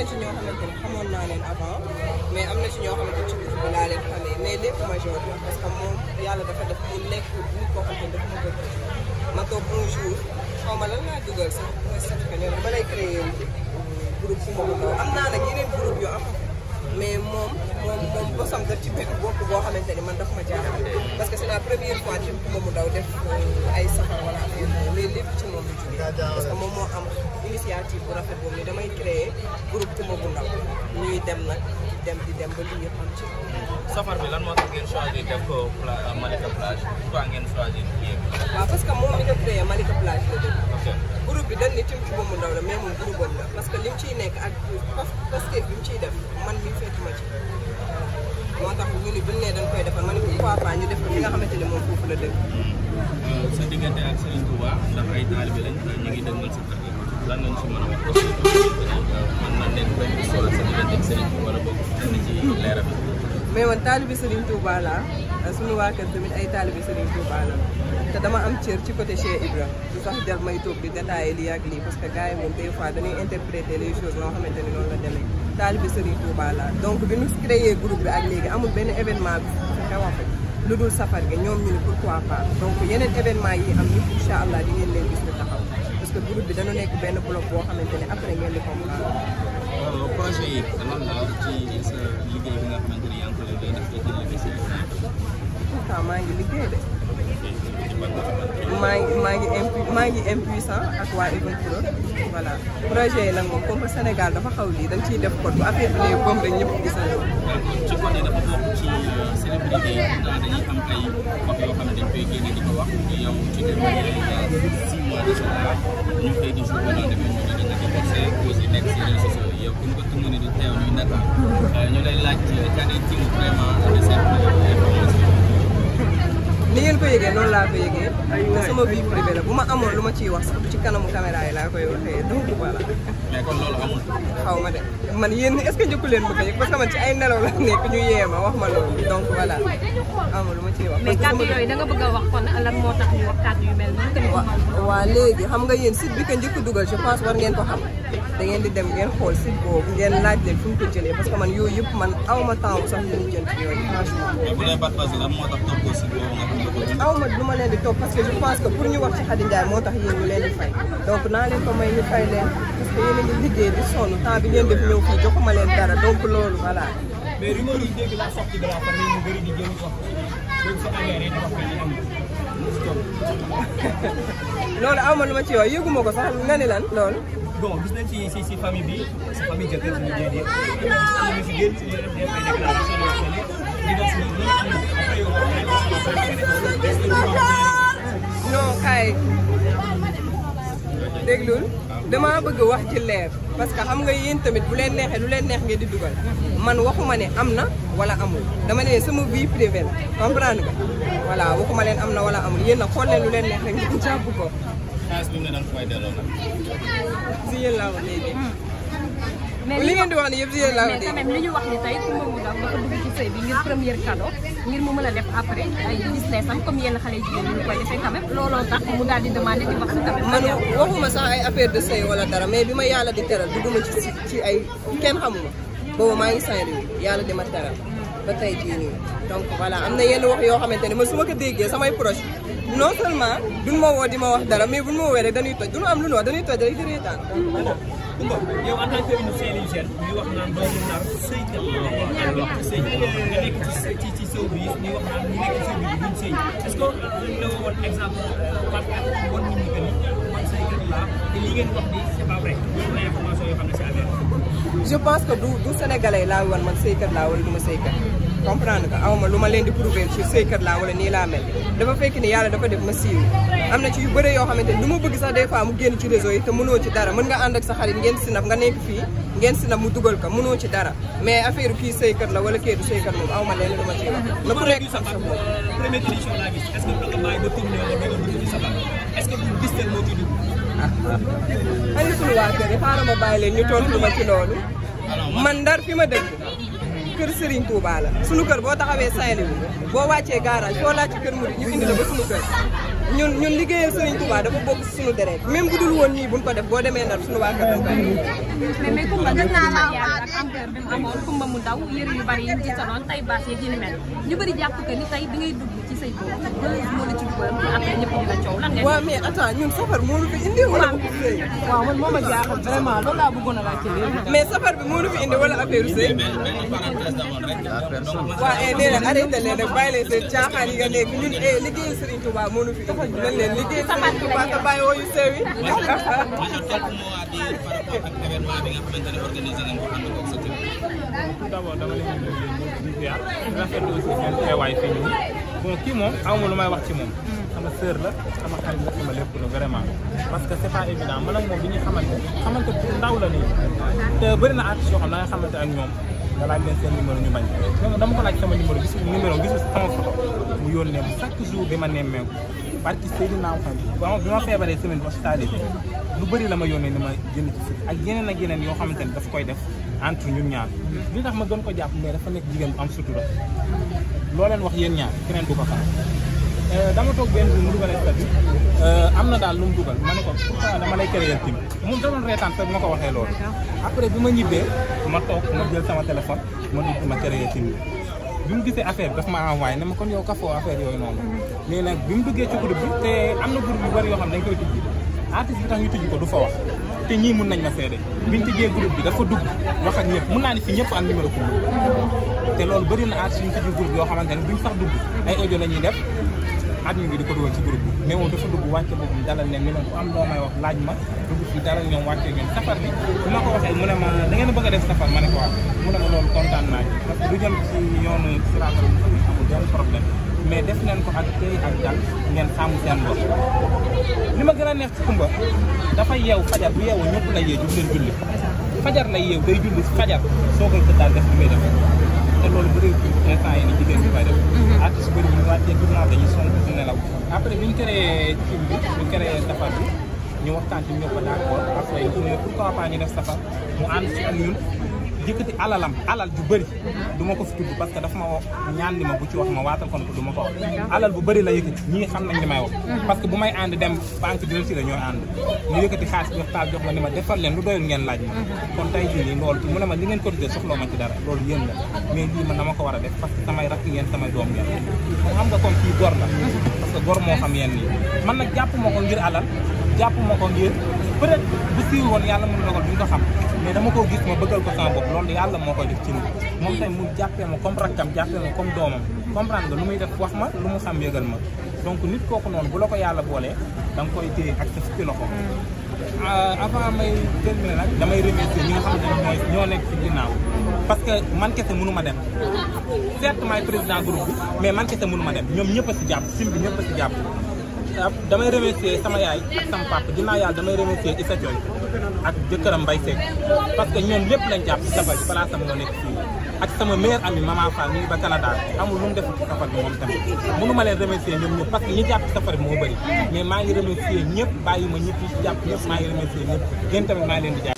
na ci ñoo xamante ne xamoon naa leen avant mais am na ci ñoo xamante ne ci groupe bi laa leen xamee mais lépp major la parce que moom yàlla dafa def mu nekk bu koo xam ne dafa ma bëgg ma toog un jour xaw ma lan laa dugal sax mooy certificat ñoo dama lay créer groupe fu ma am naa nag yeneen bosam daf ci biir bopp boo xamante ni man daf ma jaaxal parce que c'est la première fois ci mu daw def euh, ci moom la parce que moom moo am initiative bu rafet boobu ni damay créer groupe Coumba bu ndaw dem nag di dem di dem ba lii yëpp ci safar lan moo tax ngeen choisir def ko euh, Malika Plage pourquoi ngeen choisir kii waaw parce que moom mi la dëgg groupe bi dañ ne tim mu ndaw la mais moom groupe am la parce que lim ci nekk ak parce que lim ciy def man mi fekkuma ci moo tax ñu ni buñ ne dañ koy defal ma ne pourquoi pas ñu def ko fi nga xamante ne moom foofu la dëkk. Euh, sa diggante ak Serigne Touba ndax ay lañ euh, ñu ngi sa kër lan si euh, mën na nekk benn solo sa diggante ak Serigne Touba wala boog dina la te dama am cër ci côté Cheikh Ibra du sax jar may toog di détaillé lii ak lii parce que gars yi moom des fois dañuy interpréter les choses loo xamante ne noonu la demee. taalibe Serigne Touba la donc bi ñu créé groupe bi ak léegi amul benn événement bi fi xew lu dul safar gi ñoom ñu ne pourquoi pas donc yeneen événement yi am yëpp incha allah di ngeen leen gis ñu taxaw parce que groupe bi dana nekk benn bloc boo xamante ne après ngeen di comprendre. waaw euh, projet yi lan liggéey bi maa ngi liggéey maa ngi maa ngi impu maa ngi impuissant ak waa Evenpro voilà projet yi nag moom comme Sénégal dafa xaw lii dañ ciy def code bu affaire bi lay boobu ñëpp gisandoo. ci code yi dafa bokk euh, ay wax yoo xam ne dañ koy génne di ko wax yow ci dem six mois de ñu koy di jour ba yëgee noonu laa ko yëgee te sama vie privée la bu ma amoon lu ma ciy wax sax ci kanamu caméra yi laa koy waxee donc voilà. mais kon loolu amul. xaw ma de man yéen est-ce que njëkku leen bëgg a yëg parce man ci ay nelaw la nekk ñu yee ma wax ma loolu donc voilà amul lu ma ci wax. mais kàddu yooyu da nga bëgg a wax kon moo tax ñu wax kàddu yu mel noonu. waaw waaw léegi xam nga yéen site bi ko njëkk dugal je pense war ngeen ko xam. da ngeen di dem ngeen xool si boobu ngeen laaj leen fu ñu ko jëlee parce que man yooyu yëpp man aw ma temps bu sax ñu leen jënd yooyu ma du ma leen di topp parce que je que pour ñu wax ci Khady Ndiaye moo tax yéen ñu leen di fay donc naa leen ko may ñu fay leen parce que yéen a ngi liggéey di sonn temps bi ngeen def ñëw fii joxuma leen dara donc loolu voilà. mais rumeur yi de la famille di jël loolu aw ma lu ma ci wax yëguma ko sax nga ne lan loolu bon gis nañ ci si si famille bi bi euh, ñu am après yow non kay déglul damaa bëgg wax ci leer parce que xam nga yéen tamit bu leen neexee lu leen neex ngeen di dugal man waxuma ne am na wala amul dama ne sama vie privée la comprendre nga waxuma leen am na wala amul yéen a xool leen lu leen neex rek ngeen jàpp ko xaalis bi mu ne da nga koy delloo nag. si yéen laa wax léegi. Hmm. mais li ngeen di wax ni yëpp si yéen laa wax léegi. mais quand même li ñu wax ni tey ku moomu daw dafa dugg ci sëy bi ngir première cadeau ngir mu mën a def après ay business am comme yenn xale jigéen ñi ñu koy defee quand même looloo tax mu daal di demandé di wax si tamit. man waxuma sax ay affaire de sëy wala dara mais bi ma yàlla di teral dugguma ci ci ay kenn xamuma boobu maa ngi Saint-Louis yàlla di ma teral ba tey jii nii donc voilà am na yenn wax yoo xamante ne man su ma ko déggee samay proche non seulement duñ ma woo di ma wax dara mais buñ ma woowee rek dañuy toj duñu am lu ñu wax dañuy toj rek di reetaan. yow en tant ci ci je pense que du du sénégalais laa woon man sëykat laa wala du ma sëykat. comprendre que awma lu ma leen di prouver ci sëykat laa wala nii laa mel dafa fekk ni yàlla dafa def ma siiw am na ci yu bëre yoo xamante ni du ma bëgg sax des fois mu génn ci réseau yi te mënoo ci dara mën nga ànd ak sa xarit ngeen sinap nga nekk fii ngeen sinap mu dugal ko mënoo ci dara mais affaire kii sëykat la wala kii du sëykat lu ma ci wax na ku nekk sa bopp première édition laa gis est-ce que nga bàyyi ba terminé wala que gis leen moo ci dugg ah andi suñu waa kër yi xaaral ma bàyyi ma ci loolu man ndar fi ma dëkk kër Serigne Touba la. sunu kër boo taxawee Saint-Louis boo wàccee garage foo laaj ci kër ñu indi la ba ñun ñun liggéeyal Serigne Touba dafa bokk ci bu dul woon waa kër dañ koy ñu ñu mel ñu bari jàpp que ni tay bi ngay dugg ci say kaw loolu moo la ci dugal pour après ñëpp dina coow lan waaw mais attends ñun safar moo lu fi indi wala waaw man moo ma jaaxal vraiment loolu laa bëggoon a laajte léegi mais nee na eh, leen rek bàyyi leen seen caaxaan yi nga nekk ñun eh liggéeyal Serigne Touba dañ leen liggéey parce que bàyyi woo yu sew yi. man man quelques mots à dire par rapport ak événement bi nga xamante ne organisé nañ ko ànd koog sa tur. d'abord dama leen di nuyu di ziar rafetlu aussi seen teewaay fii nii bon kii moom amuma lu may wax ci moom. sama sœur la sama xarit la sama lépp la vraiment parce que c'est pas évident man ak moom bi ñuy xamante xamante ndaw la nii te bëri na artistes yoo xam da nga xamante ak ñoom nga laaj leen seen numéro ñu bañ dama ko laaj sama numéro gis numéro gis sama photo mu yónnee chaque jour bi ma nemmeeku barki Seydina Muhammad bi ma feebaree semaine bi hospitalier lu bëri la ma yónnee ni ma jënd ci ak yeneen ak yeneen yoo xamante ne daf koy def entre ñun ñaar li tax ma doon ko jàpp mais dafa nekk jigéen bu am sutura loo leen wax yéen ñaar keneen bu ko xam euh, dama toog benn bi mu dugalee sa bi euh, am na daal lu mu dugal ma ne ko pourquoi dama lay créer tim moom da doon reetaan te ma ko waxee loolu après bi ma ñibbee ma toog ma jël sama téléphone ma dugg ma bi mu gisee affaire bi daf ma envoyé ne ma kon yow kafoo affaire yooyu noonu. mais bi mu duggee ci groupe bi te am na groupe yu bari yoo xam dañ koy tijji bi tax ñu tijji ko du fa wax te ñii bi dafa dugg wax ak ñëpp mun naa ne fi ñëpp am numéro te loolu bëri na artiste yu ñu tijji groupe ne dugg ay audio la ñuy def. admin bi di ko dugal ci groupe bi mais moom dafa dugg wàcce boobu dalal ne ni man ku am loo may wax laaj ma dugg fii dalal ñoom wàcce ñoom safar bi bu ma ko waxee mu ne ma da ngeen bëgg a def safar ma ne ko wax mu ne ma loolu lu jëm ci yoonu siraatal mustaqim amul benn problème mais def leen ko ak tey ak dal ngeen sàmm seen bopp li ma gën a neex ci Kumba dafa yeew fajar bu yeewu ñëpp la yee jug leen julli fajar lay yeew day julli fajar soo koy tëddaal def li te loolu bu dee instant yi ni jigéen bi fay def mhm. artiste bëri ñu wàccee tournage dañuy sonn di nelaw après bi ñu créé a bi ñu créé safar bi ñu waxtaan ci ñëpp après ñu ne pourquoi pas ñu def safar mu ànd ci ak ñun yëkkati alalam alal ju bëri du ko fi tudd parce que dafa ma wax ñaan ma bu ci wax ma waatal kon ko ma ko wax alal bu bëri la yëkkati ñii xam nañ li may wax mhm. parce que bu may ànd dem banque dina ci la ñooy ànd ñu yëkkati xaalis bi taal jox ma ni ma defal leen lu doyul ngeen laaj ma mhm. kon tey jii nii loolu mu ne ma li ngeen ko tuddee ci dara loolu yéen la mais lii man dama ko war a def parce que samay rakk ngeen samay doom ngeen kon xam nga la mhm. parce jàpp ma ko ngir peut être bu siiw woon yàlla mën dogal duñ ko xam mais dama koo gis ma bëggal ko sama bopp loolu yàlla moo ko def ci nit moom tamit mu jàppee ma comme rakkam jàppee ma comme doomam comprendre nga lu muy def wax ma lu mu xam yëgal ma donc nit kooku noonu bu la ko yàlla boolee da koy téye ak sa fukki loxo mm. euh, avant may terminé nag damay remercier ñi nga xam ne mooy ñoo nekk ci ginnaaw parce que man kese mënu ma dem certes maay président groupe bi mais man kese mënu ma dem ñoom ñëpp si jàpp sim bi ñëpp a si damay remercier sama yaay ak sama papa ginnaaw yàlla damay remercier Issa Thioy ak jëkkëram Mbaye Seck parce que ñoom lépp lañ jàpp ci safal bi palaasam moo nekk fii ak sama meilleur ami Maman Fall ba Canada amul lu mu def ci safal moom tamit mënu ma leen remercier ñoom ñëpp parce que ñi jàpp ci safal moo bëri mais maa ngi remercier ñëpp bàyyi ma ñëpp yi jàpp ñëpp maa ngi remercier ñëpp yéen tamit maa leen di jàpp